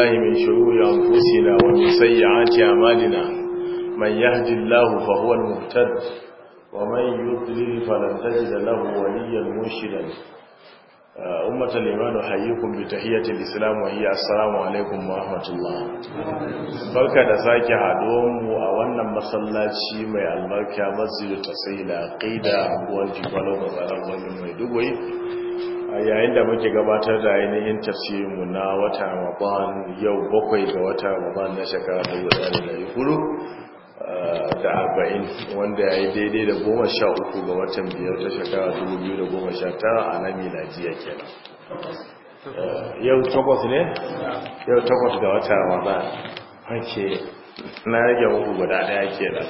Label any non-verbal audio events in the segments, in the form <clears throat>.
billahi min shururi anfusina wa min sayyiati a'malina man yahdihillahu fa huwa al-muhtad wa man yudlil fa lan tajida lahu waliyyan murshidan ummat al-iman alaykum wa rahmatullah barka da sake haduwa mu a wannan masallaci mai albarka masjid tasila qida wa jibalu bazaran wannan mai dubai a yayin da muke gabatar da ainihin tafsirinmu na wata ramadan yau bakwai ga wata ramadan na shekara eh, da arba'in wanda ya yi daidai da goma sha uku ga watan biyar ta shekara dubu biyu da goma sha tara a nan miladiya kenan eh, yau takwas ne? yau takwas ga wata ramadan ake na rage muku guda daya kenan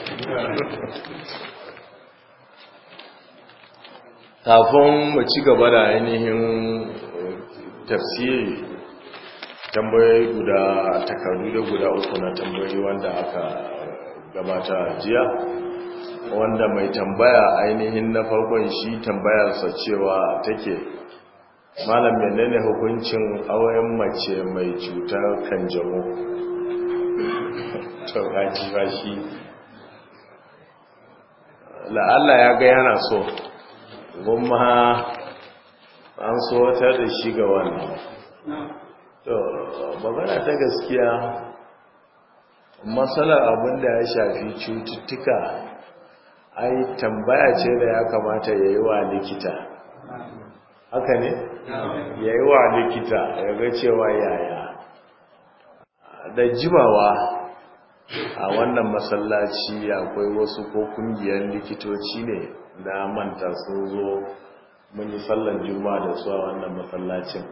kafin mu ci gaba da ainihin tafsiri tambayoyi guda takardu da guda uku na tambayi wanda aka gabata jiya wanda mai tambaya ainihin na farkon shi tambayarsa cewa take malam menene hukuncin auren mace mai cutar kanjamo <laughs> to ba shi la'alla ya ga yana so gumma an so wata da shi ga wani. to magana ta gaskiya matsalar abin da ya shafi cututtuka ai tambaya ce da ya kamata ya yi wa likita haka ne ya yi wa likita ya ga cewa yaya da jimawa a wannan masallaci akwai wasu ko kungiyar likitoci ne na manta sun zo mun yi sallan juma'a da su a wannan masallacin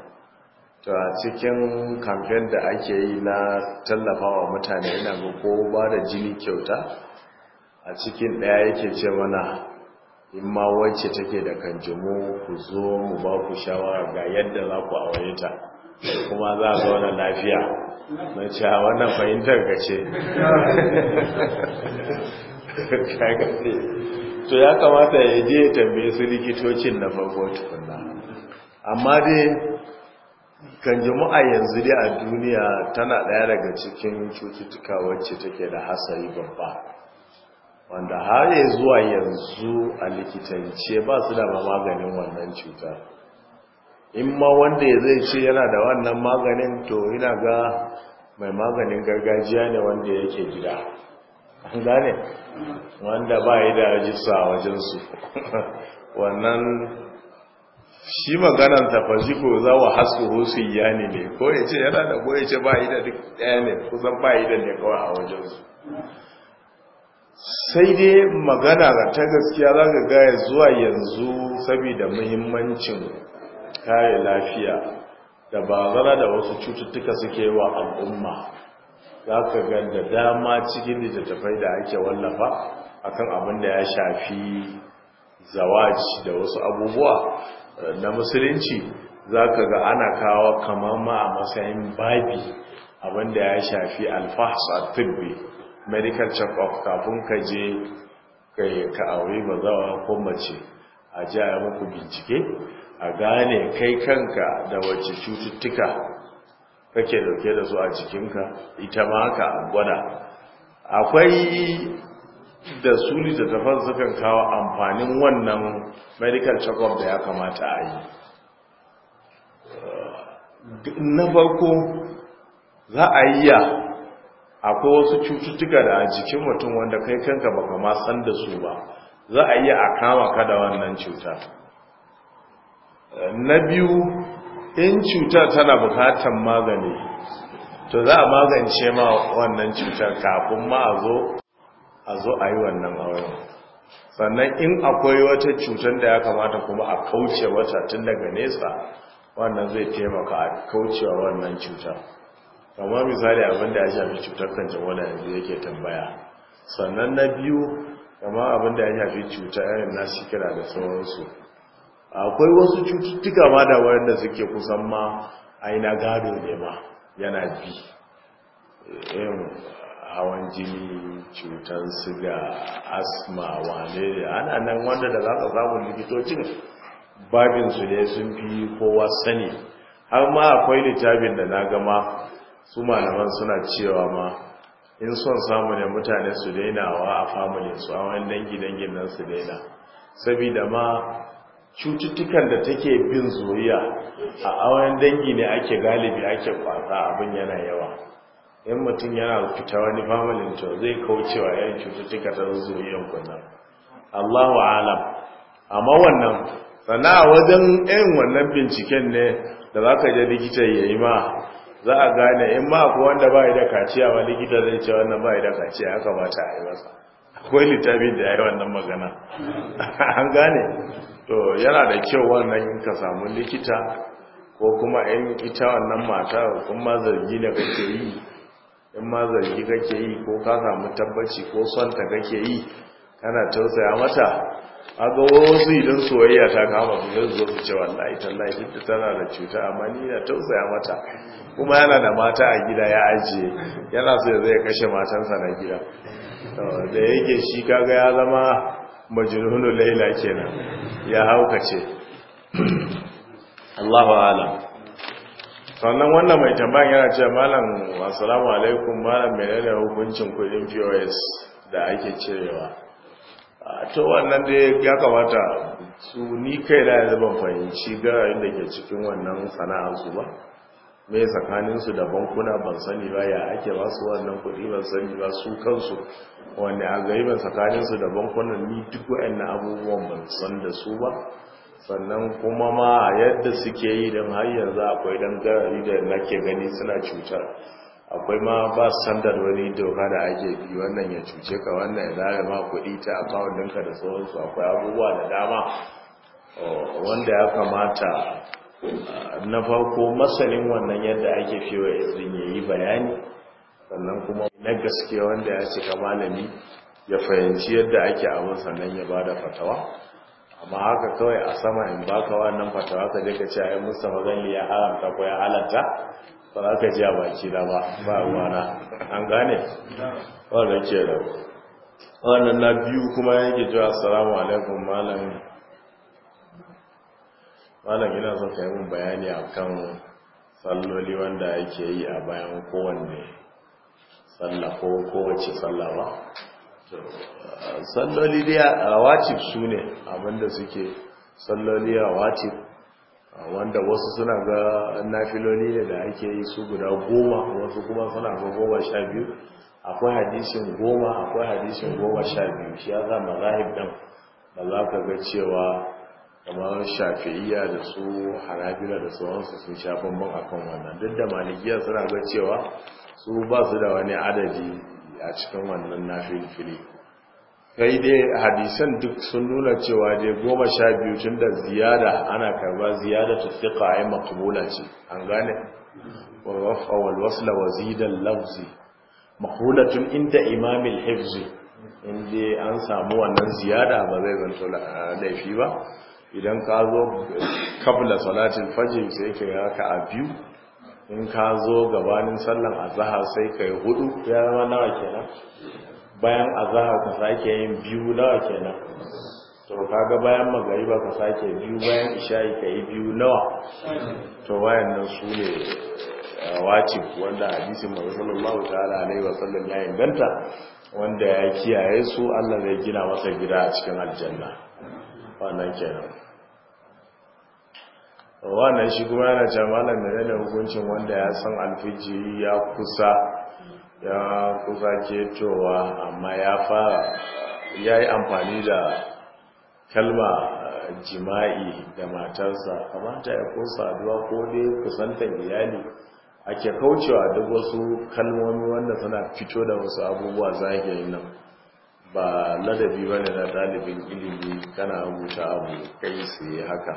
to a cikin kamfen da ake yi na tallafawa mutane yana ga ko ba da jini kyauta a cikin ɗaya yake ce mana in ma wacce take da kanjumu ku zo mu ba ku shawara ga yadda za ku aure ta kuma za a zauna lafiya na ce a wannan fahimtar ka ce <laughs> to ya kamata ya je ya tambaye su likitocin na farko tukunna amma dai kan jama'a yanzu dai a duniya tana ɗaya daga cikin cututtuka wacce take da hasari babba wanda har ya zuwa yanzu a likitance ba su da maganin wannan cutar in ma wanda ya zai ce yana da wannan maganin to yana ga mai maganin gargajiya ne wanda yake gida an gane wanda ba yi da rajista a wajensu wannan shi maganan ko za wa hasu rusu ya ne ko ya ce yana da ko ya ce ba yi da duk ɗaya ne kusan ba yi da ne kawai a wajensu sai dai magana ga ta gaskiya za ga gaya zuwa yanzu saboda muhimmancin kare lafiya da zara da wasu cututtuka suke wa al'umma za ka ga da dama cikin littattafai da ake wallafa akan abin da ya shafi zawaci da wasu abubuwa eh, na musulunci za ka ga ana kawo kamar ma a matsayin babi abin da ya shafi alfahs a tibbi medical check-up kafin ka je ka aure mazawa ko mace a ji a muku bincike a gane kai kanka da wace cututtuka kake dauke da su a cikinka ita ma haka gwada akwai da su littattafan sukan kawo amfanin wannan medical check-up da ya kamata a yi na farko za a yi ya akwai wasu cututtuka da a jikin mutum wanda kai kanka baka ma san da su ba za a yi a kama ka da wannan cuta na biyu in cutar tana bukatar magani to za a magance ma wannan cutar kafin ma a zo a zo a yi wannan auren sannan in akwai wata cutar da ya kamata kuma a kauce wata tun daga nesa wannan zai taimaka a kaucewa wannan cutar kamar misali abinda ya shafi cutar kanjamau wani yanzu yake tambaya sannan na biyu kamar abinda ya shafi cutar yanayin na shikira da sauransu akwai wasu cututtuka ma da wanda suke kusan ma aina gado ne ma yana bi yin hawan jini cutar siga asma wane ana nan wanda da za ka samu likitocin babinsu ne sun fi kowa sani har ma akwai littafin da na gama su malaman suna cewa ma in son samu ne mutane su dainawa a famulinsu? a wani dangi dangin nan su daina sabida ma cututtukan da take bin zuriya a awon dangi ne ake galibi ake kwasa abin yana yawa yan mutum yana fita wani famalin to zai kaucewa yan cututtuka ta zuriyan kuna Allahu alam amma wannan sana wajen yan wannan binciken ne da za zaka je likita yi ma za a gane in ma ku wanda bai da kaciya ba likita zai ce wannan bai da kaciya ya kamata a yi masa akwai littafin da ya yi wannan magana <laughs> an gane to yana da kyau wannan ka samu likita ko kuma in ita wannan mata in ma zargi da kake yi in ma zargi kake yi ko ka samu tabbaci ko son ta kake yi kana tausaya mata a ga wasu idan soyayya ta kama su zai zo su ce wallahi tallahi duk tana da cuta amma ni na tausaya mata kuma yana da mata a gida ya ajiye yana so ya zai kashe matansa na gida da yake shi kaga ya zama majnunu laila kenan ya haukace Allahu a'lam sannan wannan mai tambayan yana cewa malam assalamu alaikum malam menene hukuncin kudin POS da ake cirewa to wannan dai ya kamata su ni kai da yanzu ban fahimci ga inda ke cikin wannan sana'a su ba mai tsakaninsu da bankuna ban sani ba ya ake ba su wannan kudi ban sani ba su kansu wanda a ban tsakaninsu da bankunan ni duk wa'annan abubuwan ban san da su ba sannan kuma ma yadda suke yi don har yanzu akwai don gari da nake gani suna cutar akwai ma ba sandar wani doka da ake bi wannan ya cuce ka wannan ya zara ma kuɗi ta akawun ɗinka da sauransu akwai abubuwa da dama oh, wanda ya kamata na farko masanin wannan yadda ake fiwa izin ya yi bayani sannan kuma na gaske wanda ya cika malami ya fahimci yadda ake abin sannan ya ba da fatawa amma haka kawai a sama in ba ka wannan fatawa ka je ka ce ai musa zalli ya haramta ko ya halatta ba za ka ji a baki na ba ba na. an gane wannan ke da wannan na biyu kuma yake jiwa assalamu alaikum malam malam ina son ka yi mun bayani akan salloli wanda ake yi a bayan kowanne sallah ko kowace sallah ba salloli dai a rawatib su ne abinda suke salloli a rawatib wanda wasu suna ga nafiloli ne da ake yi su guda goma wasu kuma suna ga goma sha biyu akwai hadisin goma akwai hadisin goma sha biyu shi ya za mazahib ɗin ba za ka ga cewa kamar shafi'iyya da su harabila da sauransu sun sha bambam kan wannan duk da malikiya suna ga cewa su ba su da wani adadi a cikin wannan na fili. kai dai hadisan duk sun nuna cewa dai goma sha biyu tun da ziyada ana karba ziyada ta fiƙa yi makabula ce an gane wawafa walwasla wa zidan lafzi tun inda imamil hefzi inda an samu wannan ziyada ba zai zanto laifi ba idan ka zo kabla salatin fajin sai ka yi a biyu in ka zo gabanin sallan azhar sai ka yi hudu ya zama nawa kenan bayan azhar ka sake yin biyu nawa kenan to kaga bayan magariba ka sake biyu bayan isha'i ka yi biyu nawa to wayannan su ne eh, wacin wanda hadisin mai sallallahu ta'ala alaihi wa sallam ya inganta wanda ya kiyaye su Allah zai gina masa gida a cikin aljanna wannan kenan wannan shi kuma yana ce malam da yana hukuncin wanda ya san alfiji ya kusa ya kusa amma ya fara ya yi amfani da kalma eh, jima'i da matarsa kamata ya kusa saduwa ko dai kusantar iyali ake kaucewa duk wasu kalmomi wanda suna fito da wasu abubuwa zagayen nan ba ladabi ba ne na ɗalibin ilimi kana rubuta abu kai yi haka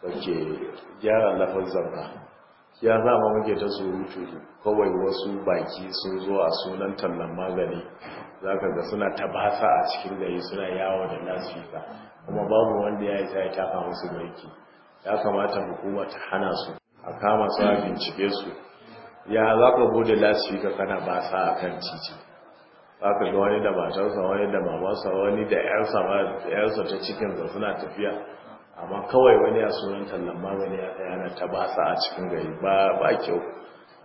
ke gyara lafazan ba ya zama muke ta surutu kawai wasu baki sun zo a sunan tallan magani za ka ga suna tabasa a cikin gari suna yawo da ba kuma babu wanda ya yi ta yi tafa musu mulki ya kamata hukuma ta hana su a kama su a bincike su ya za ka bude lasfika kana basa a kan titi za ga wani da matarsa wani da mamarsa wani da yarsa ta cikin suna tafiya amma kawai wani a sunan tallan magani yana ta basa a cikin gari ba kyau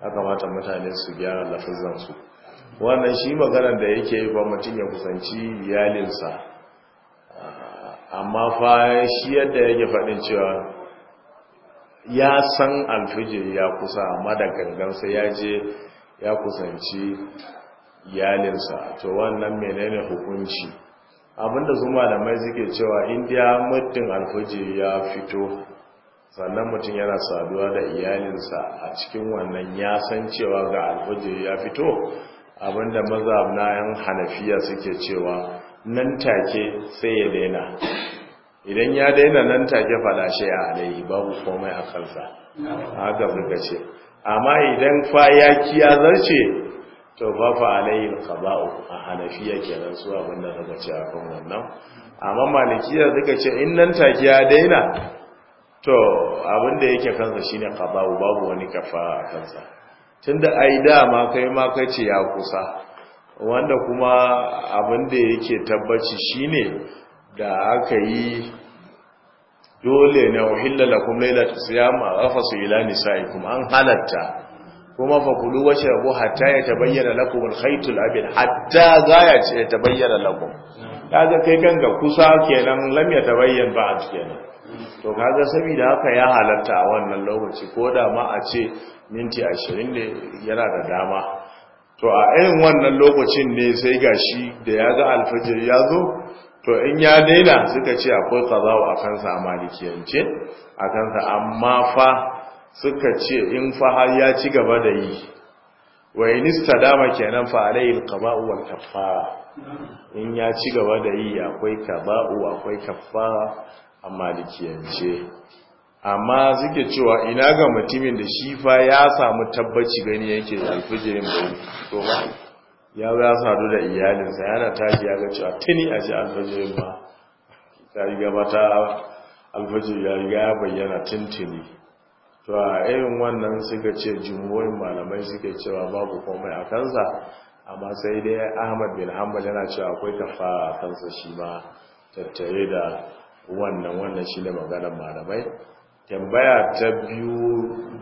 ya kamata mutane su gyara lafizansu wannan shi maganar da yake yi ba mutum ya kusanci iyalinsa amma fa shi yadda yake faɗin cewa ya san alfijir ya kusa amma da gangan sai ya je ya kusanci iyalinsa to wannan menene hukunci abinda da mai suke cewa indiya muddin alfuji ya fito sannan mutum yana saduwa da iyalinsa a cikin wannan ya san cewa ga alfuji ya fito abinda maza na yan hanafiya suke cewa nan take sai ya daina idan ya daina nan take shi a alayi babu komai a kansa haka ce amma idan fa ya kiya zarce to ba fa alayhi alqada'u a hanafiya kenan su abin da suka ce akan wannan amma malikiya suka ce in nan take ya daina to abin da yake kansa shine qada'u babu wani kafara a kansa tunda ai ma kai ma kai ce ya kusa wanda kuma abin da yake tabbaci shine da aka yi dole ne wa hillalakum lailatu siyam rafasu ila nisaikum an halatta kuma fa kulu rabu hatta ya tabayyana lakum al-khayt al-abyad hatta gaya ce tabayyana lakum kaga kai kanka kusa kenan lam tabayyan ba a cikin to kaga saboda haka ya halarta a wannan lokaci ko da ma a ce minti 20 ne yana da dama to a irin wannan lokacin ne sai gashi da ya ga alfajir ya zo to in ya daina suka ce akwai qaza'u akan sa malikiyance akan sa amma fa suka ce in fa ya ci gaba da yi wa nista dama kenan fa alayhi alqaba'u wal kaffara in ya ci gaba da yi akwai kaba'u akwai kaffara a malikiyance amma suke cewa ina ga mutumin da shi fa ya samu tabbaci gani yake alfijirin bai to ba ya ba sadu da iyalinsa yana tashi ya ga cewa tuni a ji alfijirin ba ta yi gaba ta alfajir ya riga ya bayyana tuntuni to a irin wannan suka ce jimuwar malamai suke cewa babu komai a kansa amma sai dai ahmad bin hanbal yana cewa akwai kafara a kansa shi ma tattare da wannan wannan shi ne maganar malamai tambaya ta biyu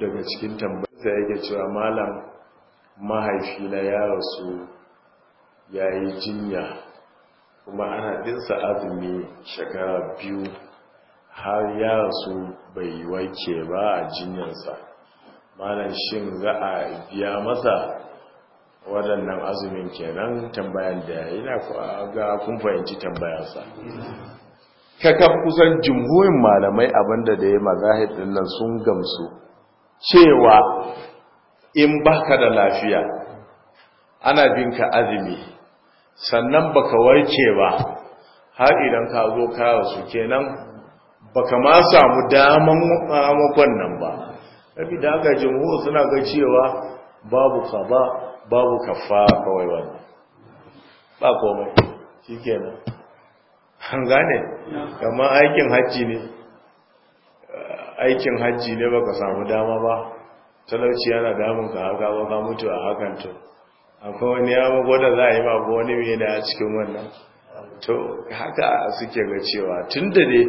daga cikin tambayarsa yake cewa malam mahaifina ya rasu ya yi jinya kuma ana dinsa azumi shekara biyu har ya rasu bai yi wake ba a jinyarsa malam shin za a biya masa waɗannan azumin kenan tambayan da yana ga kun fahimci tambayarsa kakaf kusan jumhurin malamai abinda da ya mazahid ɗinnan sun gamsu cewa in baka da lafiya ana binka azumi sannan baka warke ba har idan ka zo ka su kenan ba kama samu daman makon nan ba rabi da aka jimhur suna ga cewa babu kaba babu kafa kawai wannan ba komai shi kenan an gane kama aikin hajji ne aikin hajji ne baka samu dama ba talauci yana damun ka haka ba ka mutu a hakan to akwai wani ya gwada za a yi ba wani mai da cikin wannan to haka suke ga cewa tun da ne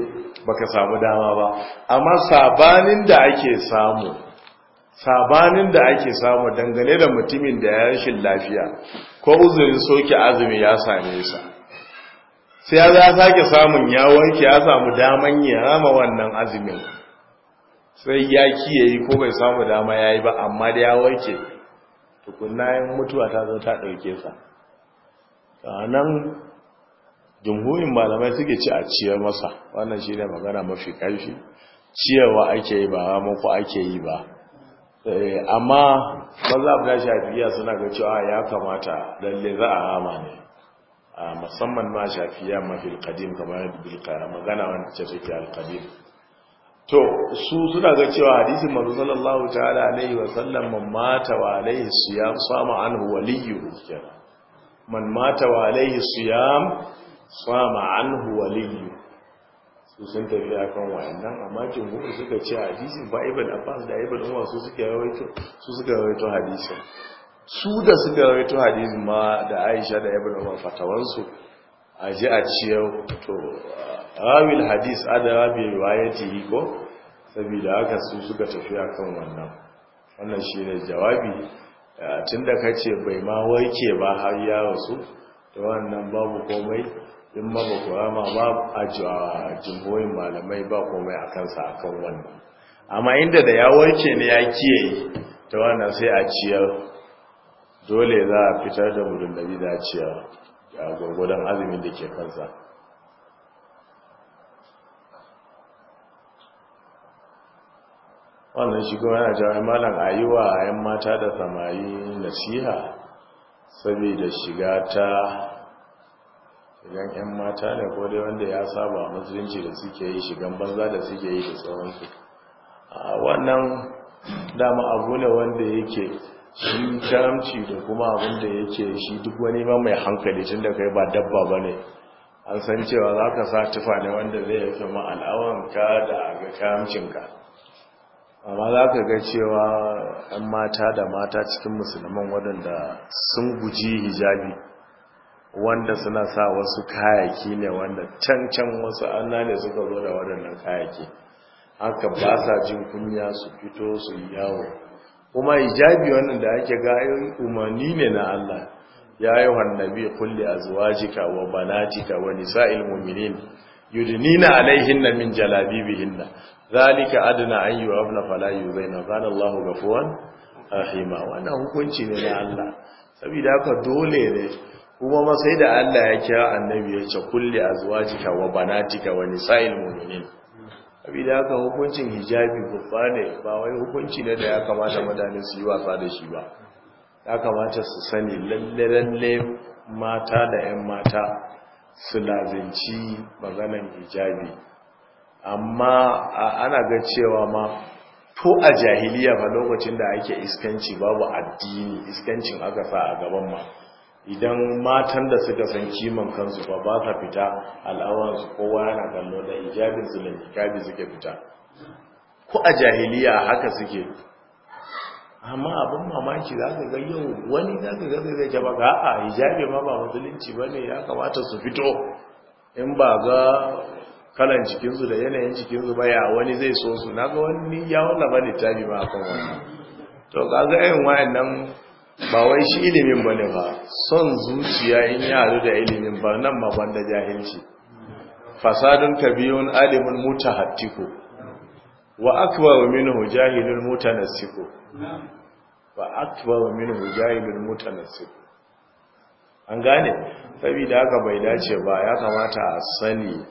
baka samu dama ba amma sabanin da ake samu sabanin da ake samu dangane da mutumin da ya rashin lafiya ko uzurin soke azumi ya same sa sai ya za sake samun ya wanke ya samu daman ya rama wannan azumin sai ya kiyaye ko bai samu dama ya yi ba amma da ya wanke tukunayen mutuwa ta zo ta ɗauke sa nan jumhurin malamai suke ci a ciyar masa wannan shi ne magana mafi ƙarfi ciyarwa ake yi ba muku ake yi ba eh, amma mazhab na shafiya suna ga cewa ya kamata lalle za a rama ne a musamman ma shafiya mafi alkadim kamar bilka magana wanda take alkadim to su suna ga cewa hadisin manzo sallallahu ta'ala alaihi wa sallam man mata wa alaihi siyam sama anhu waliyyu man mata wa alaihi siyam sama anhu waliyu su sun tafi akan a amma jumhur suka ce hadisin ba ibn abbas da ibn umar su suka rawaito su suka rawaito hadisin su da suka rawaito hadisin ma da aisha da ibn umar fatawansu a ji a ciyar to rawil hadis adara bi riwayatihi ko saboda haka su suka tafi akan wannan wannan shine jawabi tunda kace bai ma warke ba har ya rasu to wannan babu komai in ma ba kurama ba a jimboyin malamai ba komai a kansa a kan wannan amma inda da ya warke ne ya kiyaye ta wannan sai a ciyar dole za a fitar da mudun da za a ciyar a gwagwadon azumin da ke kansa wannan shi kuma yana jawo malam a yi wa 'yan mata da samari nasiha saboda shiga ta idan yan mata ne ko dai wanda ya saba a musulunci da suke yi shigan banza da suke yi da sauransu wannan dama abu ne wanda yake shi karamci da kuma abin da yake shi duk wani ma mai hankali tun da kai ba dabba ba ne an san cewa za ka sa tufa ne wanda zai yafe ma al'awanka da ga karamcinka amma za ka ga cewa 'yan mata da mata cikin musulman waɗanda sun guji hijabi wanda suna sa wasu kayaki ne wanda can can wasu anna ne suka zo da waɗannan kayaki haka ba sa jin kunya su fito su yawo kuma hijabi wannan da ake ga umarni ne na Allah ya yi wannabi kulli jika wa banatika wa nisa'il mu'minin yudnina alaihinna min jalabibihinna zalika adana an yu'afna fala na qala Allahu ghafuwan rahima wannan hukunci ne na Allah saboda haka dole ne kuma ma sai da Allah ya kira annabi ya ce kulli azwajika wa banatika wa nisa'il mu'minin abida haka hukuncin hijabi babba ne ba wai hukunci ne da ya kamata mutane su yi wasa da shi ba ya kamata su sani lalle lalle mata da 'yan mata su lazinci maganan hijabi amma ana ga cewa ma to a jahiliya ba lokacin da ake iskanci babu addini iskancin aka sa a gaban ma idan matan da suka san kiman kansu ba ba ta fita al'awansu kowa yana kallo da hijabinsu da hikabi suke fita ko a jahiliya haka suke amma abin mamaki za ka ga yau wani za ka gaza zai jaba ga a hijabi ma ba musulunci ba ne ya kamata su fito in ba ga kalan cikinsu da yanayin cikinsu ba ya wani zai so su na ga wani ya wala ba littafi ma kan wani to ka ga yin wa'annan ba wai shi ilimin ba ne ba son zuciya in ya haɗu da ilimin ba nan ma da jahilci fasadun kabiyun alimin muta hattiko wa akbaru minhu jahilul mutanassiku wa akbaru minhu jahilul mutanassiku an gane sabida haka bai dace ba ya kamata a sani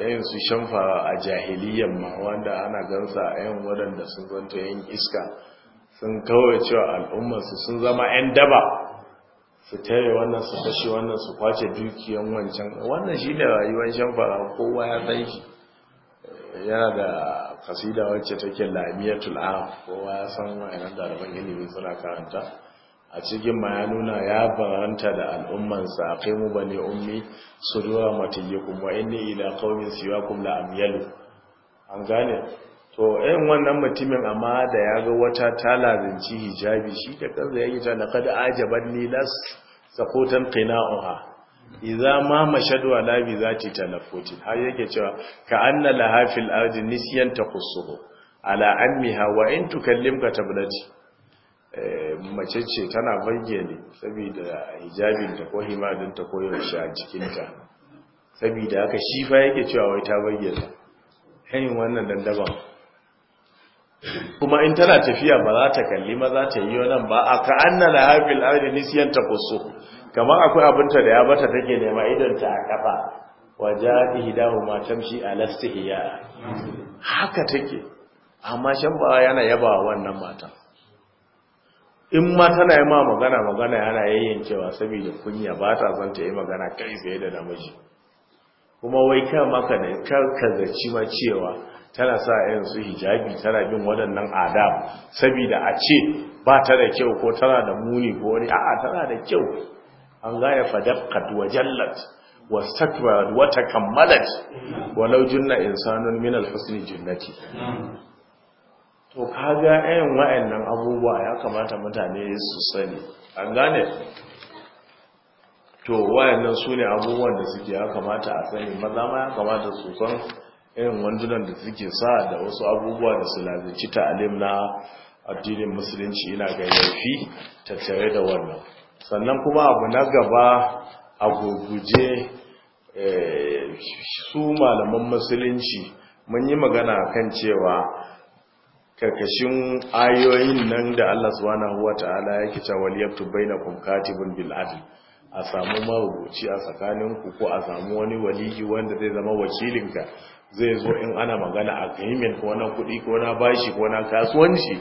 yayin eh, su shamfa a jahiliyyar ma wanda ana gansa a yan waɗanda sun zanto yin iska sun kawai cewa al'ummarsu sun zama 'yan daba su tare wannan su fashe wannan su kwace dukiyan wancan wannan shi ne rayuwar shamfara kowa ya san shi yana da kasida wacce take lamiyatul arab kowa ya san wa'annan gini ilimi suna karanta a cikin ma ya nuna ya baranta da al'ummansa a kai mu ba ne, ummi su dora matayyakum wa inni ila qaumin siwakum la amyalu an gane so ɗayan wannan mutumin amma da ya ga wata talabinci hijabi shi da kansa ya yi ta laƙad ajabar lilas sakotan qina'uha Iza ma mashadu za ta yi talafutin har yake cewa ka anna laha fil ardi nisyan taqussuhu ala ammiha wa in tukallimka tablati eh, mace ce tana ne saboda hijabin ta ko himadin ta ko yaushe a cikinta saboda haka shi fa yake cewa wai ta Ta hanyar wannan dandaban kuma in tana tafiya ba za ta kalli ma za ta yi nan ba a anna la hafil ardi nisyan ta kusu kamar akwai abinta da ya bata take nema idan ta a kafa waja ihdahu ma tamshi ala haka take amma shan ba yana yaba wannan mata in ma tana yi ma magana magana yana cewa sabida kunya ba ta son ta yi magana kai tsaye da namiji kuma wai kan maka da ka zaci ma cewa tana sa yin su hijabi tana bin waɗannan adab saboda a ce ba ta da kyau ko tana da muni ko wani a'a tana da kyau an gaya fadaqqat wa jallat wa stakbarat wa takammalat na junna insanun min al-husni jinnati to kaga irin wa'annan abubuwa ya kamata mutane su sani an gane to nan su ne abubuwan da suke ya kamata a sani maza ma ya kamata su san irin wandunan da suke sa da wasu abubuwa da su ta alim na addinin musulunci ina ga yafi tattare da wannan sannan kuma abu na gaba a guguje eh, su malaman musulunci mun yi magana kan cewa karkashin ayoyin nan da Allah subhanahu wata'ala kice ta yaktu bainakum katibun bil adl a samu marubuci a tsakaninku ko a samu wani waliyi wanda zai zama wakilinka zai zo in ana magana a kahimin ko na kuɗi ko na bashi ko na kasuwanci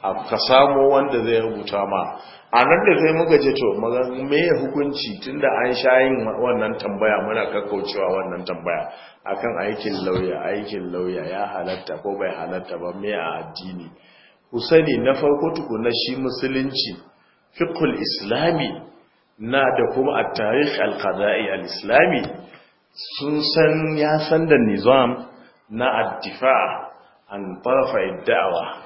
ka samo wanda zai rubuta ma a nan da zai muka je to me ya hukunci tunda an sha yin wannan tambaya muna kakkaucewa wannan tambaya A kan aikin lauya aikin lauya ya halatta ko bai halatta ba me a addini ku sani na farko tuku na shi musulunci fiqhul islami na da kuma a tarikh al-qada'i al-islami sun san ya san da nizam na addifa an farfa da'awa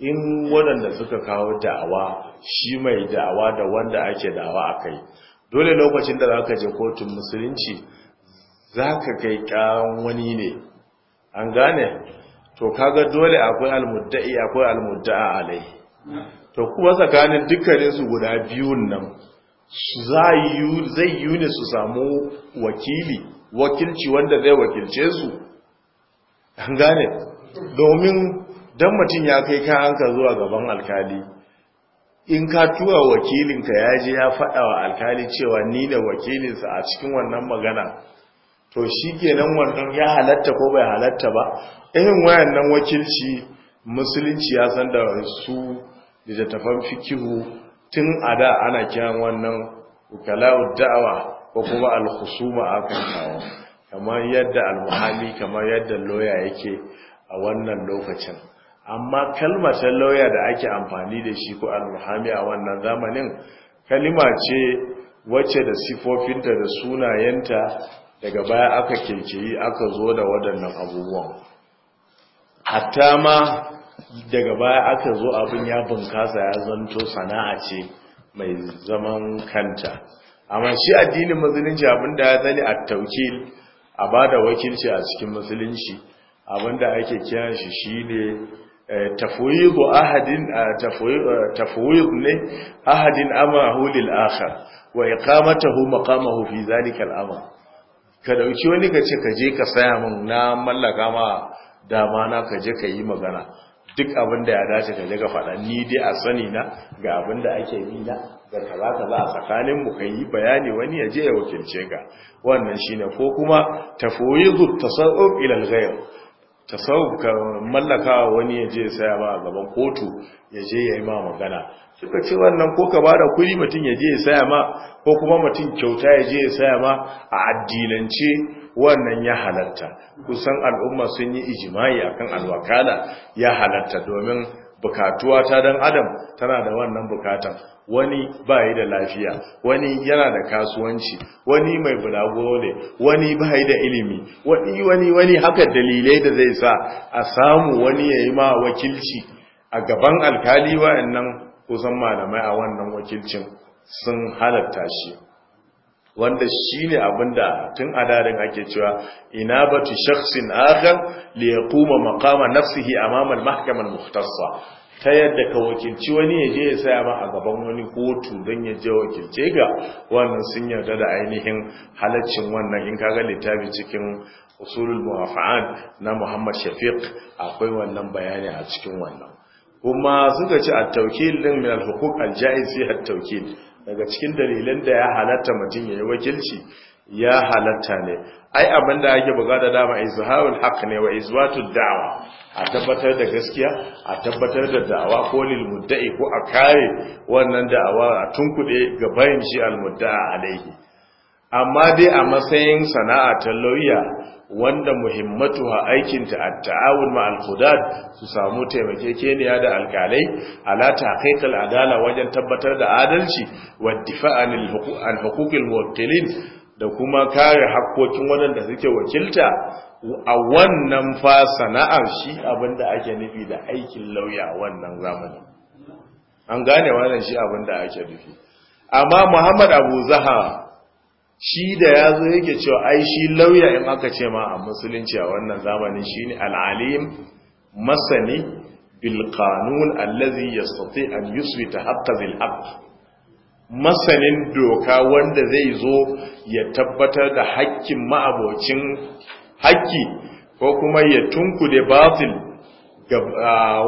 in waɗanda suka kawo da'awa shi mai da'awa da wanda ake da'awa a kai dole lokacin da za ka je kotun musulunci za ka kai ƙaran wani ne an gane to kaga dole akwai almudda'i akwai almudda'a alai to kuma tsakanin dukkaninsu guda biyun nan zai yi ne su samu wakili wakilci wanda zai wakilce su an gane domin don mutum ya kai kayanka zuwa gaban alkali in ka tura wakilinka ya je ya faɗa wa alkali cewa ni da wakilinsa a cikin wannan magana to shi kenan wannan ya halatta ko bai halatta ba irin wayannan wakilci musulunci ya san da su littattafan fikihu tun a da ana kiran wannan ukala'ud da'awa ko kuma alhusuma a kawo kamar yadda almuhali kamar yadda loya yake a wannan lokacin amma kalmar loya da ake amfani da shi ko almuhami a wannan zamanin kalima ce wacce da sifofinta da sunayenta daga baya aka kirkiri aka zo da waɗannan abubuwan hatta ma daga baya aka zo abin ya bunkasa ya zanto sana'a ce mai zaman kanta amma shi addinin musulunci abinda ya zani a taukil a ba da wakilci a cikin musulunci abinda ake kiran shi ne eh, tafwidu ahadin eh, eh, tafwid ne ahadin ama hulil akhar wa iqamatuhu maqamahu fi zalika al ka dauki wani ka ce ka je ka saya min na mallaka ma dama na ka je ka yi magana duk abin da ya dace ka je ka ni dai a sani na ga abin da ake yi na da kaza kaza a tsakanin mu yi bayani wani ya je ya wakilce ka wannan shine ko kuma tafwidu tasawuf ila al tasawuf ka mallaka wani ya je ya saya ma a gaban kotu ya je ya yi ma magana suka ce wannan ko ka bada kuɗi mutum ya je ya saya ma ko kuma mutum kyauta ya je ya saya ma a addinance wannan ya halatta kusan al'umma sun yi ijimai akan alwakala ya halatta domin bukatuwa ta dan adam tana da wannan bukatan wani yi da lafiya wani yana da kasuwanci wani mai bulagole wani yi da ilimi wani wani wani haka dalilai da zai sa a samu wani yayi ma wakilci a gaban alkali wa'annan kusan malamai a wannan wakilcin sun halatta shi wanda shine abinda tun adadin ake cewa inabatu shakhsin akhar li yaquma maqama nafsihi amama a mahkama al-mukhtassa ta yadda ka wakilci wani ya je ya saya ma a gaban wani kotu don ya je wakilce ga wannan sun yarda da ainihin halaccin wannan in kaga littafi cikin usulul muwafa'at na Muhammad Shafiq akwai wannan bayani a cikin wannan kuma suka ce at-tawkil din min al-huquq al-jaiz fi at-tawkil daga cikin dalilan da ya halatta mutum ya yi wakilci ya halatta ne ai abin da ake da dama harin haqq ne wa izwatud da'wa a tabbatar da gaskiya a tabbatar da da'awa ko lil mudda'i ko a kare wannan da'awa a tunkude ga bayin shi al mudda'a alaihi amma dai a matsayin sana'a ta lauya wanda ha aikinta a ta'awun ma'al su samu taimakekeniya da alkalai ala taqiqal adala wajen tabbatar da adalci wa difa'an an huquqil da kuma kare hakkokin waɗanda suke wakilta a wannan fa sana'ar shi abinda ake nufi da aikin lauya wannan zamani an gane wannan shi abinda ake nufi amma Muhammad Abu shi da ya zo yake cewa ai shi lauya in aka ce ma a musulunci a wannan zamani shi ne al'alim masani bilkanun allazi ya sauti an yusri ta haka zil'ab masanin doka wanda zai zo ya tabbatar da haƙƙin ma'abocin haƙƙi ko kuma ya da batil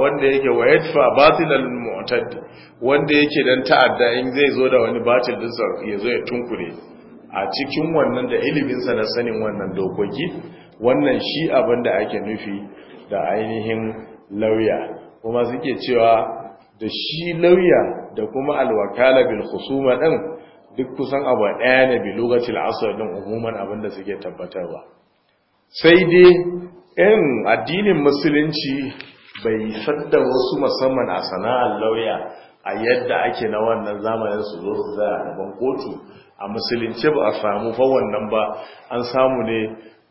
wanda yake wa yadfa batilal mu'tad wanda yake dan ta'adda in zai zo da wani batil din sa ya zo ya tunkure a cikin wannan da iliminsa na sanin wannan dokoki wannan shi abin da ake nufi da ainihin lauya kuma suke cewa da shi lauya da kuma alwakala bil husuma din duk kusan abu daya ne bi lokacin asr din umuman abin da suke tabbatarwa sai dai in addinin musulunci bai sadda wasu musamman a sana'ar lauya a yadda ake na wannan zamanin su zo su zaya gaban kotu a musulunce ba a samu fa wannan ba an samu ne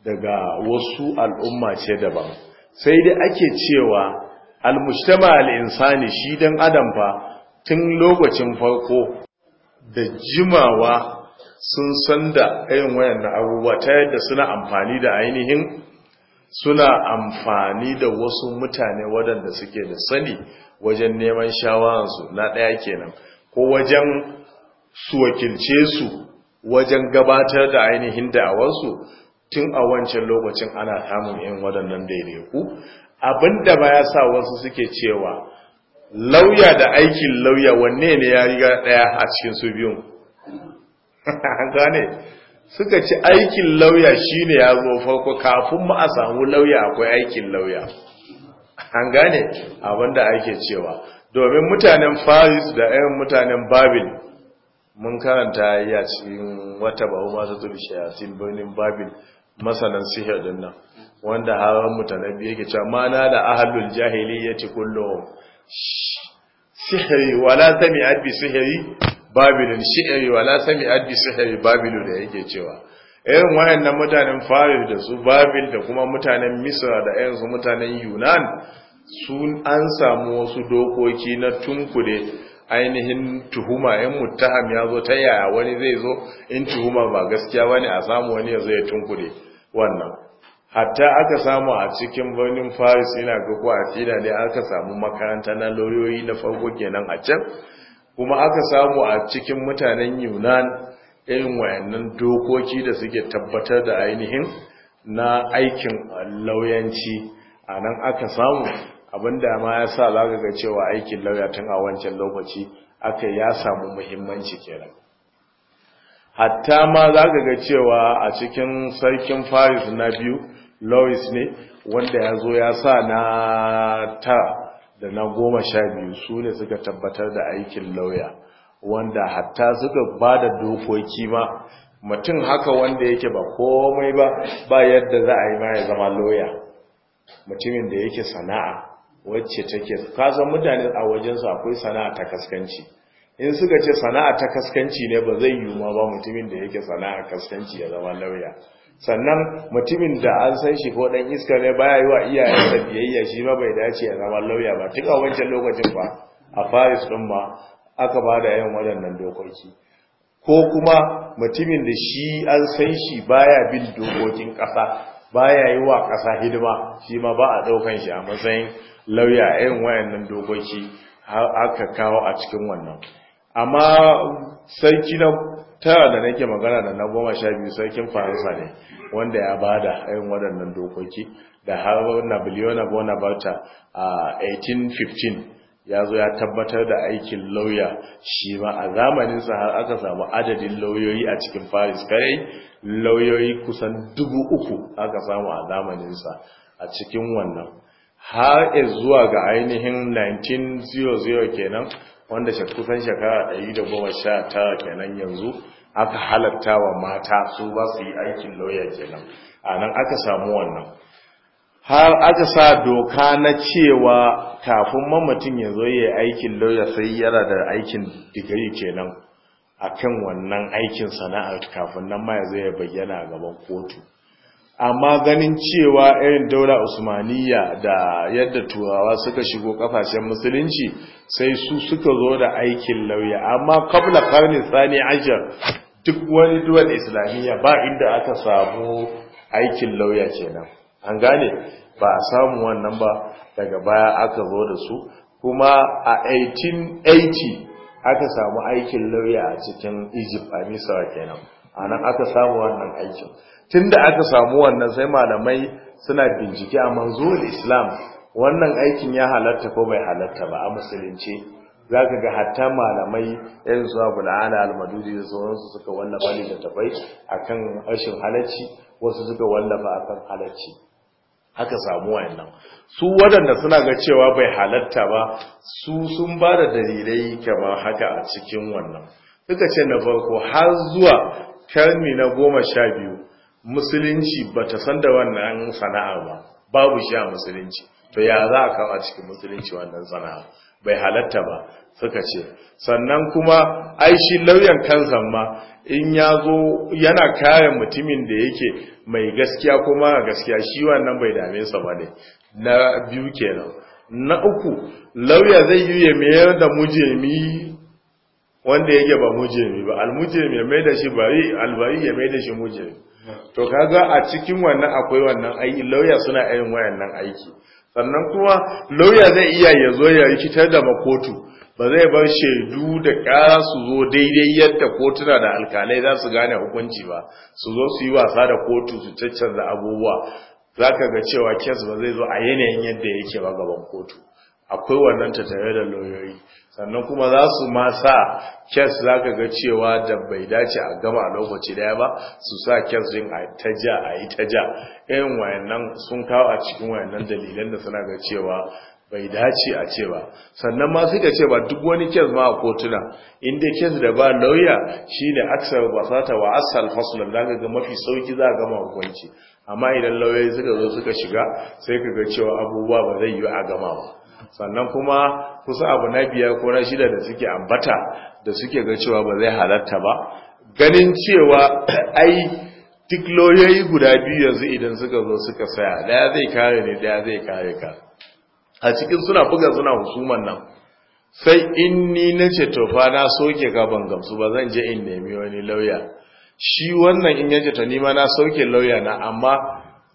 daga wasu al'umma ce daban sai dai ake cewa al-mushtuma al insani shi dan adam fa tun lokacin farko da jimawa sun san da irin wayannan abubuwa ta yadda suna amfani da ainihin suna amfani da wasu mutane waɗanda suke da sani wajen neman shawararsu na ɗaya kenan ko wajen su wakilce su wajen gabatar da ainihin da'awarsu tun a wancan lokacin ana samun yin waɗannan daidaiku abinda ba ya sa wasu suke cewa lauya da aikin lauya wanne ne ya riga ɗaya a cikin su biyun <laughs> gane suka ci aikin lauya shine ya zo farko kafin ma a samu lauya akwai aikin lauya an gane abinda ake cewa domin mutanen faris da 'yan mutanen babil mun karanta ya cikin wata ba ma ta tubi shayatin birnin babil masanan sihir din nan wanda har mutanabi yake cewa mana da jahili ya ci kulluhum sihiri wala sami'at abi sihiri babilun shi'iri wala sami'at abi sihiri babilu da yake cewa irin wayannan mutanen faru da su babil da kuma mutanen misra da irin mutanen yunan sun an samu wasu dokoki na tunkude ainihin tuhuma in muttaham ya zo ta yaya wani zai zo in tuhuma ba gaskiya wani a samu wani ya zo ya tunkure wannan hatta aka samu a cikin birnin Faris ina ga kuwa a ne aka samu makaranta na lauyoyi na farko kenan a can kuma aka samu a cikin mutanen Yunan irin wayannan dokoki da suke tabbatar da ainihin na aikin lauyanci a nan aka samu da ma ya sa za ga cewa aikin lauya tun a wancan lokaci aka ya samu muhimmanci kenan hatta ma za ga cewa a cikin sarkin faris na biyu lois ne wanda ya zo ya sa na ta da na goma sha biyu su ne suka tabbatar da aikin lauya wanda hatta suka ba da dokoki ma mutum haka wanda yake ba komai ba ba yadda za a yi ma ya zama lauya mutumin da yake sana'a wacce take kasan mutane a wajensu akwai sana'a ta kaskanci in suka ce sana'a ta kaskanci ne ba zai yi ma ba mutumin da yake sana'a kaskanci ya zama lauya sannan mutumin da an san shi ko dan iska ne baya yi wa iyayensa biyayya shi ma bai dace ya zama lauya ba tun a wancan lokacin ba a Paris din ma aka ba da yan waɗannan dokoki ko kuma mutumin da shi an san shi baya bin dokokin ƙasa baya yi wa ƙasa hidima shi ma ba a ɗaukan shi a matsayin lauya irin wayannan dokoki aka kawo a cikin wannan amma sarki na tara da nake magana da na goma sha biyu sarkin faransa ne wanda ya ba da irin waɗannan dokoki da har Bona bonaparte a 1815 ya zo ya tabbatar da aikin lauya shi ma a zamaninsa har aka samu adadin lauyoyi a cikin Faris. kare lauyoyi kusan dubu uku aka samu a zamaninsa a cikin wannan har zuwa ga ainihin 1900 kenan wanda kusan shekara 119 kenan yanzu aka halatta wa mata su ba su yi aikin lauya kenan a nan aka samu wannan har aka sa doka na cewa kafin mamatin ya zo ya aikin lauya sai yana da aikin digiri kenan a kan wannan aikin sana'ar kafin nan ma ya zo ya bayyana gaban kotu amma ganin cewa irin daula usmaniya da yadda turawa suka shigo kafashen musulunci sai su suka zo da aikin lauya amma kabla karni tsani ajiyar duk wani duwar islamiyya ba inda aka samu aikin lauya kenan an gane ba a samu wannan ba daga baya aka zo da su kuma a 1880 aka samu aikin lauya a cikin egypt a misawa kenan anan nan aka samu wannan aikin tunda aka samu wannan sai malamai suna bincike a manzuwar islam wannan aikin ya halatta ko bai halatta ba a musulunci za ka ga hatta malamai yanzu zuwa abu la'ana almadudi da sauransu suka wallafa da a kan rashin halacci wasu suka wallafa a kan halacci haka samu wayannan su waɗanda suna ga cewa bai halatta ba su sun ba da dalilai kamar haka a cikin wannan suka ce na farko har zuwa karni na goma sha biyu musulunci ba ta san da wannan sana'a ba babu shi a musulunci to ya za a kawo cikin musulunci wannan sana'a bai halatta ba suka ce sannan kuma ai shi lauyan kansa ma in ya zo yana kare mutumin da yake mai gaskiya kuma a gaskiya shi wannan bai dame sa ba ne na biyu kenan na uku lauya zai yi ya mayar da mujemi wanda yake ba mujemi ba almujemi ya mai da shi bari albari ya mai da shi mujemi to kaga a cikin wannan akwai wannan aiki lauya suna irin wayannan aiki sannan kuma lauya zai iya ya zo ya rikitar da makotu ba zai bar shaidu da ƙara su zo daidai yadda kotuna da alkalai za su gane hukunci ba su zo su yi wasa da kotu su da abubuwa za ka ga cewa kes ba zai zo a yanayin yadda yake ba gaban kotu akwai wannan ta tare da lauyoyi sannan kuma za su ma sa kes za ka ga cewa da bai dace a gama a lokaci daya ba su sa kes yin a ta ja a yi ta ja irin wayannan sun kawo a cikin wayannan dalilan da suna ga cewa bai dace a ce sannan ma suka ce ba duk wani kes ma a kotuna inda kes da ba lauya shine aksar basata wa asal faslan da ga mafi sauki za a gama hukunci amma idan lauyoyi suka zo suka shiga sai ka ga cewa abubuwa ba zai yi a gama ba sannan kuma kusa abu na biya ko na shida da suke ambata da suke ga cewa ba zai halatta ba ganin cewa <clears throat> ai duk lauyoyi guda biyu yanzu idan suka zo suka saya daya zai kare ne daya zai kare ka a cikin suna buga suna husuman nan sai in ni na ce tofa na soke ka ban gamsu ba zan je in nemi wani lauya shi wannan in yace ta nima na soke lauya na amma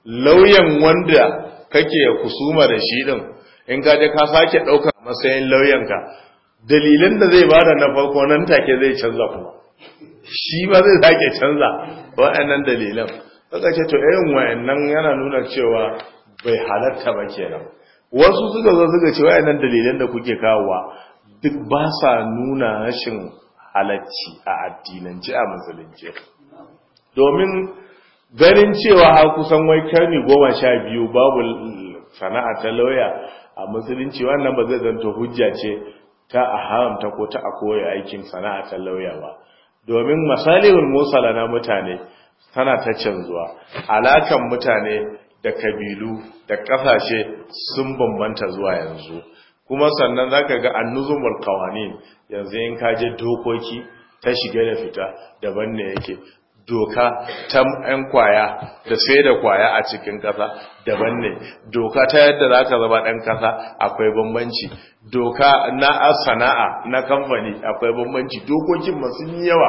lauyan wanda kake kusuma da shi din in ka je ka sake ɗaukar matsayin lauyanka dalilin da zai bada na farko nan take zai canza kuma shi ba zai sake canza wa'annan dalilan Saka ce to irin wa'annan yana nuna cewa bai halatta ba kenan wasu suka zo suka ce wa'annan dalilan da kuke kawowa duk ba sa nuna rashin halacci a addinance a musulunci domin ganin cewa har kusan wai karni goma sha biyu babu sana'a ta lauya a musulunci wannan ba zai zanto hujja ce ta a haramta ko ta a koya aikin sana'a ta lauya ba domin masalihul musala na mutane tana ta canzuwa alakan mutane da kabilu da ƙasashe sun bambanta zuwa yanzu kuma sannan zaka ga annuzumul qawanin yanzu in kaje dokoki ta shiga da fita daban ne yake doka ta 'yan kwaya da sai da kwaya a cikin ƙasa daban ne doka ta yadda za ka zama ɗan ƙasa akwai bambanci doka na sana'a na kamfani akwai bambanci dokokin masu yi yawa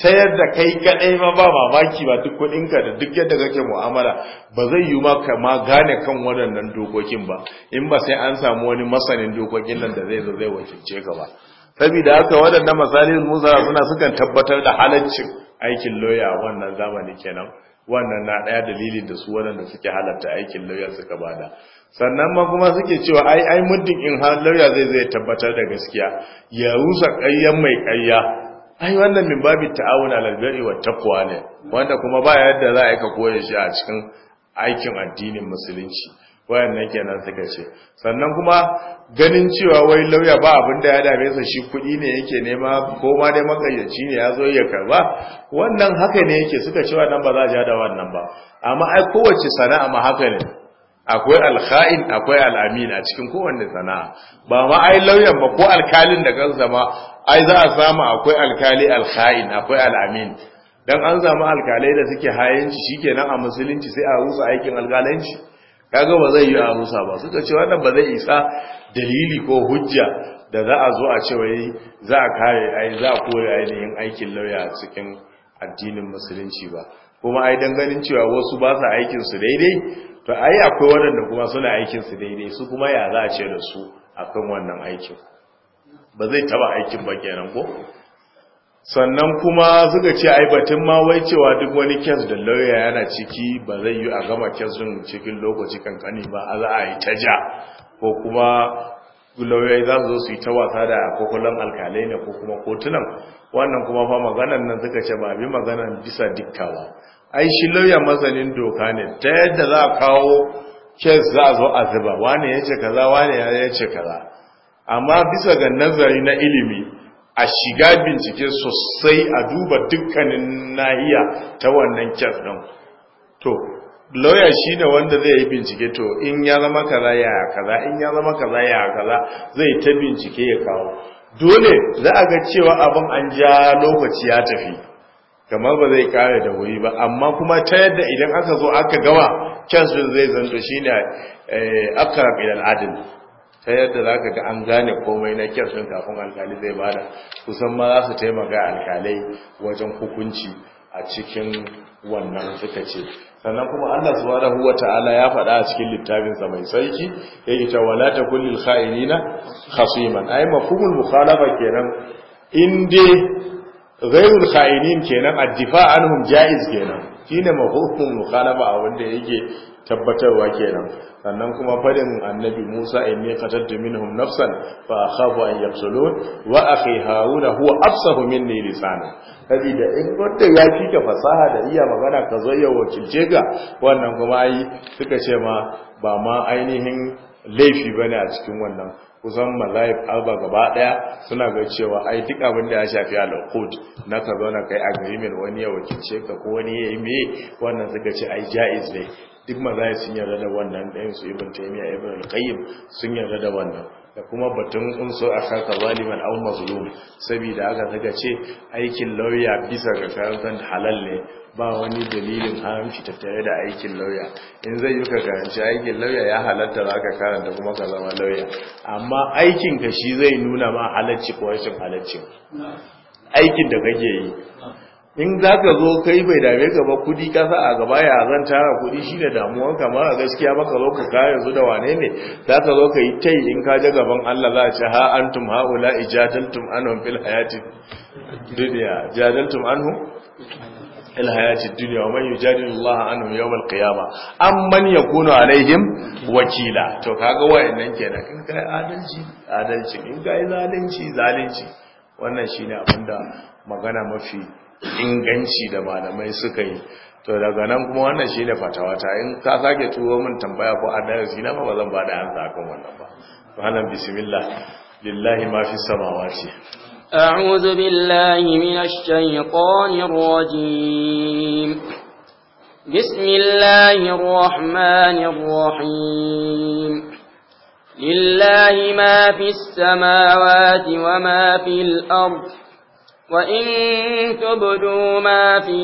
ta yadda kai kaɗai ma ba mamaki ba duk kuɗinka da duk yadda kake mu'amala ba zai yi maka ma gane kan waɗannan dokokin ba in ba sai an samu wani masanin dokokin nan da zai zo zai wakilce ka ba saboda haka waɗannan misalin musa suna sukan tabbatar da halaccin aikin lauya wannan zamani kenan wannan na ɗaya dalili da su waɗanda suke halatta aikin lauya suka bada sannan ma kuma suke cewa ai ai muddin in har lauya zai zai tabbatar da gaskiya ya rusa kayyan mai ƙayya. ai wannan min babi ta'awun alal birri wa taqwa ne wanda kuma ba yadda za a ka koya shi a cikin aikin addinin musulunci Wayan nan kenan suka ce sannan kuma ganin cewa wai lauya ba abin da ya dame sa shi kuɗi ne yake nema ko ma dai makayyaci ne ya zo ya karba wannan haka ne yake suka ce wannan ba za a ja da wannan ba amma ai kowace sana'a ma haka ne akwai alkha'in akwai al'amin a cikin kowanne sana'a ba ma ai lauyan ba ko alkalin da kansa ma ai za a samu akwai alkali alkha'in akwai al'amin dan an zama alkalai da suke hayanci shikenan a musulunci sai a rusa aikin alkalanci kaga ba zai yi a musa ba suka ce wannan ba zai isa dalili ko hujja da za a zo a ce wai za a kare ai za a kore ainihin aikin lauya cikin addinin musulunci ba kuma ai ganin cewa wasu ba su aikin su daidai to ai akwai waɗanda kuma suna aikin su daidai su kuma ya za a ce da su akan wannan aikin ba zai taba aikin ba kenan ko sannan kuma suka ce ai batun ma wai cewa duk wani kes da lauya yana ciki ba zai yi a gama kes din cikin lokaci kankani ba a za a yi ta ja ko kuma lauyoyi za su zo su yi ta wasa da kokolon alkalai ne ko kuma kotunan wannan kuma fa maganan nan suka ce ba bi maganan bisa dikka ba ai shi lauya masanin doka ne ta yadda za a kawo kes za a zo a zuba wane ya ce kaza wane ya ce kaza amma bisa ga nazari na ilimi a shiga bincike sosai a duba dukkanin nahiya ta wannan kyas ɗin to lauya shi ne wanda zai yi bincike to in ya zama kaza ya kaza in ya zama kaza ya kaza zai ta bincike ya kawo dole za a ga cewa abin an ja lokaci ya tafi kamar ba zai kare da wuri ba amma kuma ta yadda idan aka zo aka gawa kyansu zai zanto shi ne eh, aka rabi al'adun ta yadda za ka ga an gane komai na kyarshin kafin alkali zai bada kusan ma za su taimaka alkalai wajen hukunci a cikin wannan suka ce sannan kuma Allah huwa ta'ala ya faɗa a cikin littafinsa mai sarki yake cewa wala takul na hasiman a yi mafhumul mukhalafa kenan in dai ghayrul kha'inin kenan addifa anhum jaiz kenan shine mafugun mukhalafa a wanda yake tabbatarwa kenan sannan kuma fadin annabi Musa inni qataltu minhum nafsan fa khafu an yaqtulun wa akhi Haruna huwa afsahu minni lisana sabida in wanda ya fika fasaha da iya magana ka zo ya wakilce ga wannan kuma ai suka ce ma ba ma ainihin laifi bane a cikin wannan kusan malaik alba gaba daya suna ga cewa ai duk abin da ya shafi al-qud na ka zo na kai agreement wani ya wakilce ka ko wani ya yi me wannan suka ce ai jaiz ne duk mazaya sun yarda da wannan ɗayan su ibn taymiya ibn qayyim sun yarda da wannan da kuma batun in so aka ka zaliman aw mazlum saboda aka saka ce aikin lauya bisa ga karantar halal ne ba wani dalilin haramci tattare da aikin lauya in zai yi ka karanci aikin lauya ya halatta za ka karanta kuma ka zama lauya amma aikin ka shi zai nuna ma halacci ko rashin halacci aikin da kake yi in za ka zo kai bai dame ka ba kudi kasa a gaba ya zan tara kudi shi ne damuwan ka mara gaskiya ba ka zo ka kare su da wane ne za ka zo ka yi tai in ka ji gaban Allah za a ce ha antum haula ijadantum anon fil hayati duniya, jadantum anon fil hayati duniya, wa man yujadilu Allah anon yawm al an am man kuna alaihim wakila to kaga wayannan kenan in kai adalci adalci in kai zalunci zalunci wannan shine abinda magana mafi inganci da malamai suka yi to daga nan kuma wannan shi ne fatawata in ka sake turo min tambaya ko adarasi zina ba zan ba da a akan wannan ba wannan bismillah lillahi ma fi samawati a'udhu billahi minash shaitanir rajim bismillahir rahmanir rahim lillahi mafi samawa samawati wa ma fil وإن تبدوا ما في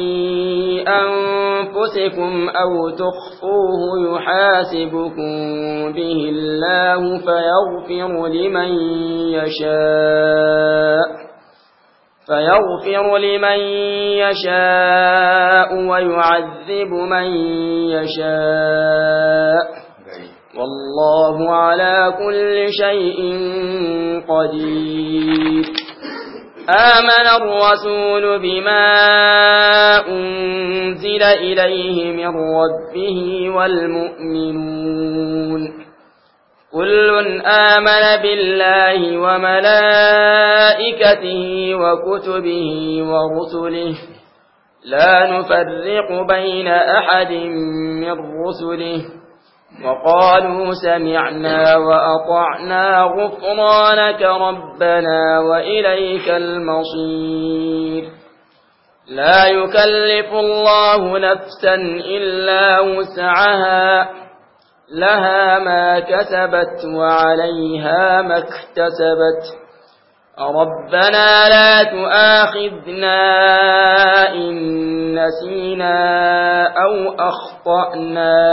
أنفسكم أو تخفوه يحاسبكم به الله فيغفر لمن يشاء فيغفر لمن يشاء ويعذب من يشاء والله على كل شيء قدير آمن الرسول بما أنزل إليه من ربه والمؤمنون كل آمن بالله وملائكته وكتبه ورسله لا نفرق بين أحد من رسله وقالوا سمعنا وأطعنا غفرانك ربنا وإليك المصير لا يكلف الله نفسا إلا وسعها لها ما كسبت وعليها ما اكتسبت ربنا لا تؤاخذنا إن نسينا أو أخطأنا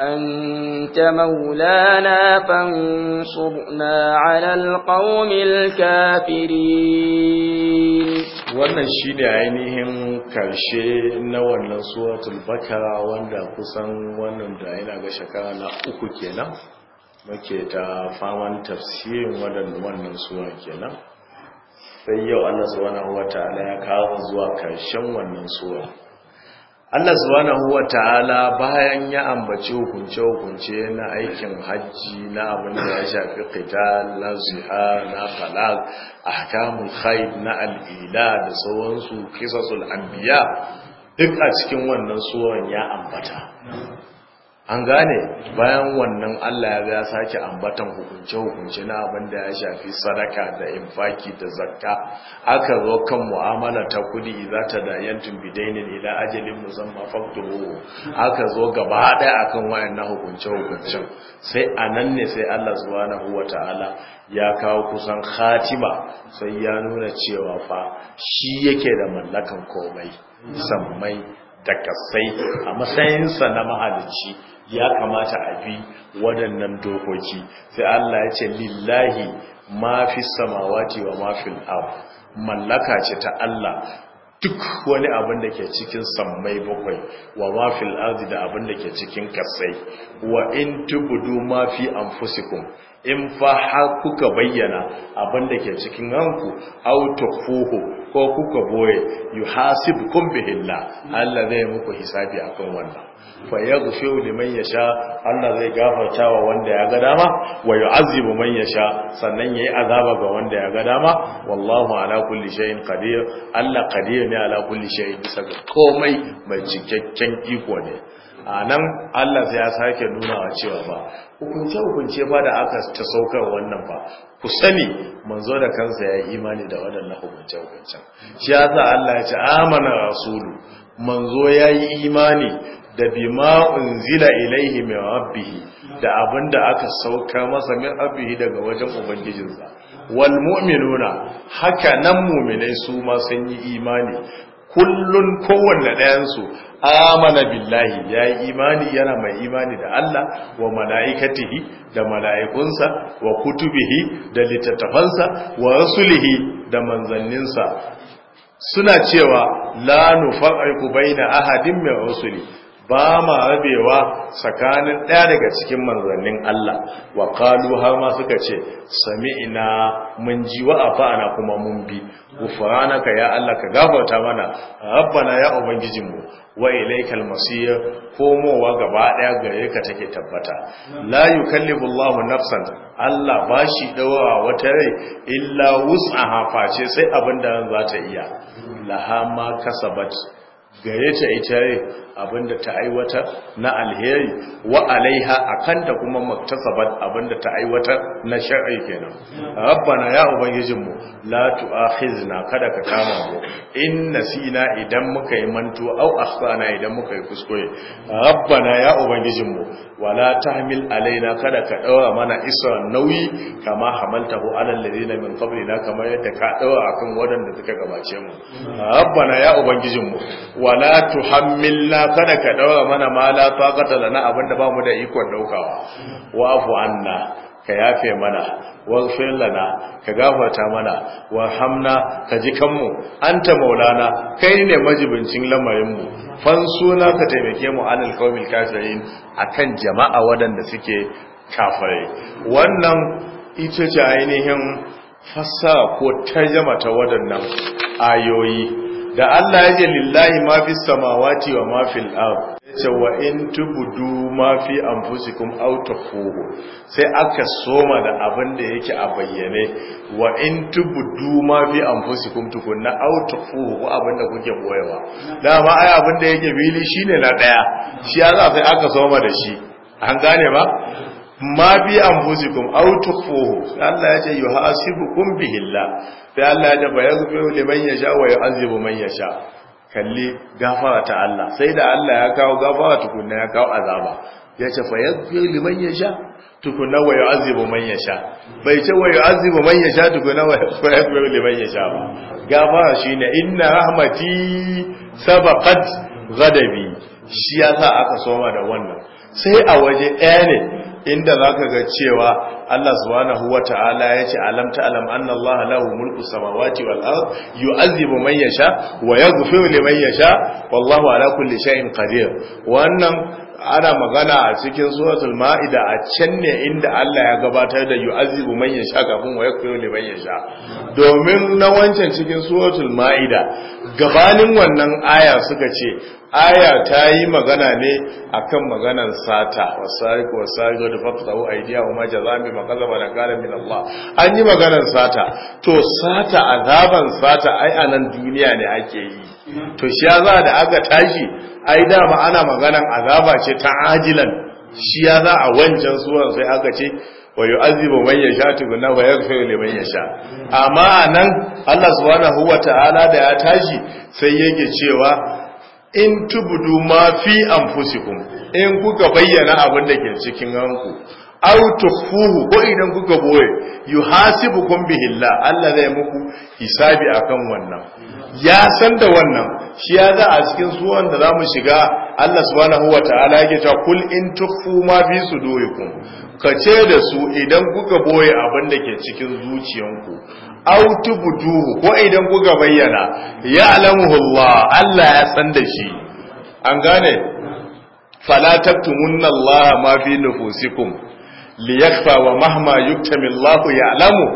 أنت مولانا فانصرنا على القوم الكافرين wannan shi ainihin karshe na wannan suratul bakara wanda kusan wannan da yana ga shekara na uku kenan muke ta faman tafsirin wannan sura kenan sai yau Allah subhanahu wataala ya kawo zuwa karshen wannan sura Allah subhanahu ta'ala bayan ya ambaci hukunce-hukunce na aikin hajji na abin da ya shafi qital na zihar na a ahkamul khayr na al'ila da sauransu qisasul anbiya duk a cikin wannan suwan ya ambata an gane bayan wannan Allah ya ga sake ambatan hukunce-hukunce na abin da ya shafi sadaka da infaki da zakka aka zo kan mu'amala ta kudi za ta da yantin bidainin ila ajalin musamma faktuhu aka zo gaba daya akan wayan na hukunce hukunce sai anan ne sai Allah subhanahu wata'ala ya kawo kusan khatima sai ya nuna cewa fa shi yake da mallakan komai sammai da kasai a matsayinsa na mahalicci ya kamata a bi waɗannan dokoki sai Allah ya ce lillahi ma fi samawati wa ma al'ab mallaka ce ta Allah duk wani abin da ke cikin sammai bakwai wa ma fi da abin da ke cikin kasai wa in tubudu ma fi anfusikum in fa har kuka bayyana abin da ke cikin ranku auto ko kuka boye yuhasib kun bihilla Allah zai muku hisabi akan wannan fa yaghfiru liman yasha Allah zai gafarta wa wanda ya ga dama wa yu'azibu man yasha sannan yayi azaba ga wanda ya ga dama wallahu ala kulli shay'in qadir Allah qadir ne ala kulli shay'in bisa komai mai cikakken iko ne a nan Allah ya sake nuna nunawa cewa ba hukunce-hukunce ba da aka ta saukar wannan ba ku sani manzo da kansa ya imani da waɗannan hukunce-hukuncen shi ya sa Allah ya ce amana rasulu manzo ya yi imani da bima unzila ilaihi mai rabbihi da abinda aka sauka masa min rabbihi daga wajen ubangijinsa wal mu'minuna haka nan mu'minai su ma sun yi imani kullun kowanne ɗayansu amana billahi ya yi imani yana mai imani da Allah wa mala'ikatihi da mala'ikunsa wa kutubihi da littattafansa wa rasulihi da manzanninsa suna cewa la nufarriqu baina ahadin min rusuli ba ma rabewa tsakanin ɗaya daga cikin manzannin Allah wa kalu har ma suka ce sami ina mun ji wa fa'ana kuma mun bi ka ya Allah ka gafarta mana rabbana ya ubangijinmu wa ilaikal masir komowa gaba ɗaya gare ka take tabbata la yukallifu nafsan Allah ba shi dawowa wata rai illa wus'aha face sai abin da za ta iya laha ma kasabat gare ta ita rai abinda ta aiwatar na alheri wa alaiha akanta kuma maktasabat abinda ta aiwatar na shar'i kenan rabbana ya mu la tu'akhizna kada ka kama mu in nasina idan muka yi manto au asana idan muka yi kuskure rabbana ya mu wala tahmil alaina kada ka daura mana isra nauyi kama hamaltahu alal ladina min qablina kama yadda ka daura akan wadanda suka gabace mu rabbana ya mu wala tuhammilna kada ka daura mana mala taqata lana abinda bamu da ikon daukawa afu anna ka yafe mana waghfir lana ka gafarta mana hamna, ka ji kanmu anta maulana kai ne majibincin lamarin mu suna ka taimake mu anil qawmil kafirin akan jama'a wadanda suke kafare wannan ita ce ainihin fassara ko tarjama ta wadannan ayoyi da Allah ya ce lillahi ma fi samawati wa ma fil ard ce wa in tubudu ma fi anfusikum aw tafuhu sai aka soma da abin da yake a bayyane wa in tubudu ma fi anfusikum tukunna aw tafuhu ko abin da kuke boyewa dama ai abin da yake bili shine na daya shi ya za sai aka soma da shi an gane ba ma bi anfusikum aw tukhfuhu Allah ya ce yuhasibukum bihilla sai Allah ya dafa yaghfiru liman yasha wa yu'azibu man yasha kalli gafara ta Allah sai da Allah ya kawo gafara tukunna ya kawo azaba ya ce fa yaghfiru liman yasha tukunna wa yu'azibu man yasha bai ce wa yu'azibu man yasha tukunna wa yaghfiru liman yasha ba gafara shine inna rahmati sabaqat ghadabi shi ya sa aka soma da wannan sai a waje ɗaya ne inda zaka ga cewa Allah subhanahu ya ce alam ta’alam an Allah lahu mulku samawati wal ard azibu man yasha wa yaghfiru liman yasha wallahu ala kulli shay'in kadir. wannan ana magana a cikin suratul ma'ida a can ne inda Allah ya gabatar da yu'azibu man yasha kafin wa yakfiru liman yasha domin na wancan cikin suratul ma'ida gabanin wannan aya suka ce aya ta yi magana ne akan maganar sata wasariku wasariku da fatahu aidiya wa jazami makazaba da gare min Allah an yi maganar sata to sata azaban sata ai a nan duniya ne ake yi to shi ya za da aka tashi ai dama ana maganar azaba ce ta ajilan shi ya za a wancan suwan sai aka ce wa yu'azzibu man yasha tuguna wa yaghfiru liman yasha amma nan Allah subhanahu ta'ala da ya tashi sai yake cewa in tubudu ma fi anfusikum in kuka bayyana abin da ke cikin hanku aw tukhuhu ko idan kuka boye yuhasibukum bihillah Allah zai muku hisabi akan wannan ya san da wannan shi ya za a cikin suwan da za mu shiga Allah subhanahu ta'ala yake cewa kul in tukhfu ma fi sudurikum ce da su idan kuka boye abin da ke cikin zuciyanku aw tubduhu ko idan kuka bayyana alamu Allah Allah ya san da shi an gane fala taktumunna Allah ma fi nufusikum liyakhfa wa mahma yuktamillahu ya'lamu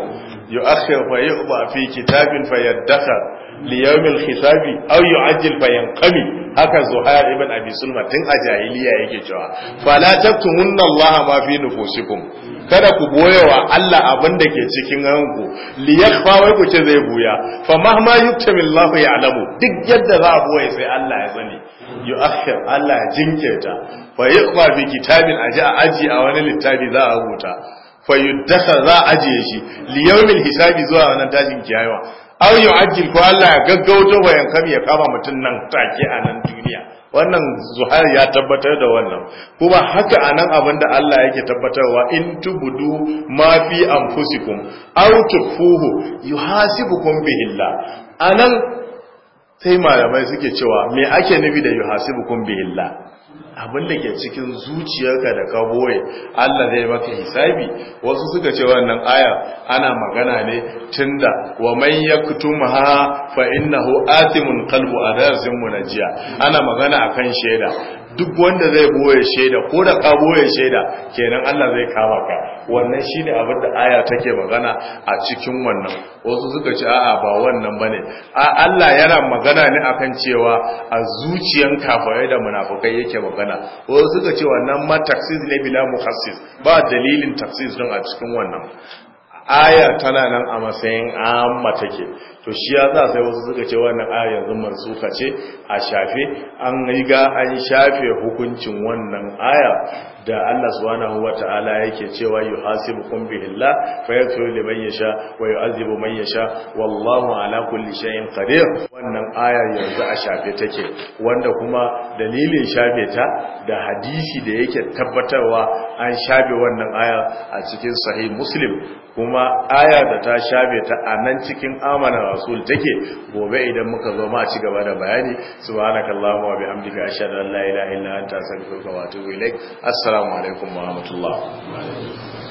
yu'akhir fa yu'ba fi kitabin fayaddakar liyawmil hisabi aw yu'ajjil fa yanqami haka zuhair ibn abi sulma tun a jahiliya yake cewa fala taktumunna allah ma fi nufusikum kada ku boyewa allah abin da ke cikin ranku liyakhfa wai ku ce zai buya fa mahma yuktami allah ya'lamu duk yadda za a boye sai allah ya sani yu'akhir allah jinkirta fa yuqma bi kitabin aji a aji a wani littafi za a rubuta fa yuddasa za a ajiye shi liyawmil hisabi zuwa wannan tashin kiyawa aw ajin ko Allah ya gaggauto bayan kam ya kama mutum nan take a nan duniya wannan zuhar ya tabbatar da wannan kuma haka anan abin da Allah yake tabbatarwa in tubudu ma fi anfusikum aw tukfuhu yuhasibukum A nan. sai malamai suke cewa me ake nufi da yuhasibukum billah abin da ke cikin zuciyarka da ka boye Allah zai maka hisabi wasu suka ce wannan aya ana magana ne tunda wa man yaktumha fa innahu atimun qalbu na munajiya ana magana akan shaida. duk wanda zai boye shaida ko da ka boye shaida kenan Allah zai kama ka wannan shine abin da aya take magana a cikin wannan wasu suka ce a'a ba wannan bane a Allah yana magana ne akan cewa a zuciyan kafaye da munafikai yake magana wasu suka ce wannan ma taksis ne bila muhassis ba dalilin taksis din a cikin wannan aya tana nan a matsayin amma take to shi ya za sai wasu suka ce wannan aya yanzu mansuka ce a shafe an riga an shafe hukuncin wannan aya da Allah subhanahu wataala yake cewa yuhasibukum billah fa yaghfiru liman yasha wa yu'adhibu man yasha wallahu ala kulli shay'in qadir wannan aya yanzu a shafe take wanda kuma dalilin shafe ta da hadisi da yake tabbatarwa an shafe wannan aya a cikin sahih muslim kuma aya da ta shafe ta a nan cikin amana rasul take gobe idan muka zo ma ci gaba da bayani subhanakallahumma wa bihamdika ashhadu an la ilaha illa anta astaghfiruka wa atubu ilaik assalamu assalamu alaikum wa rahmatullah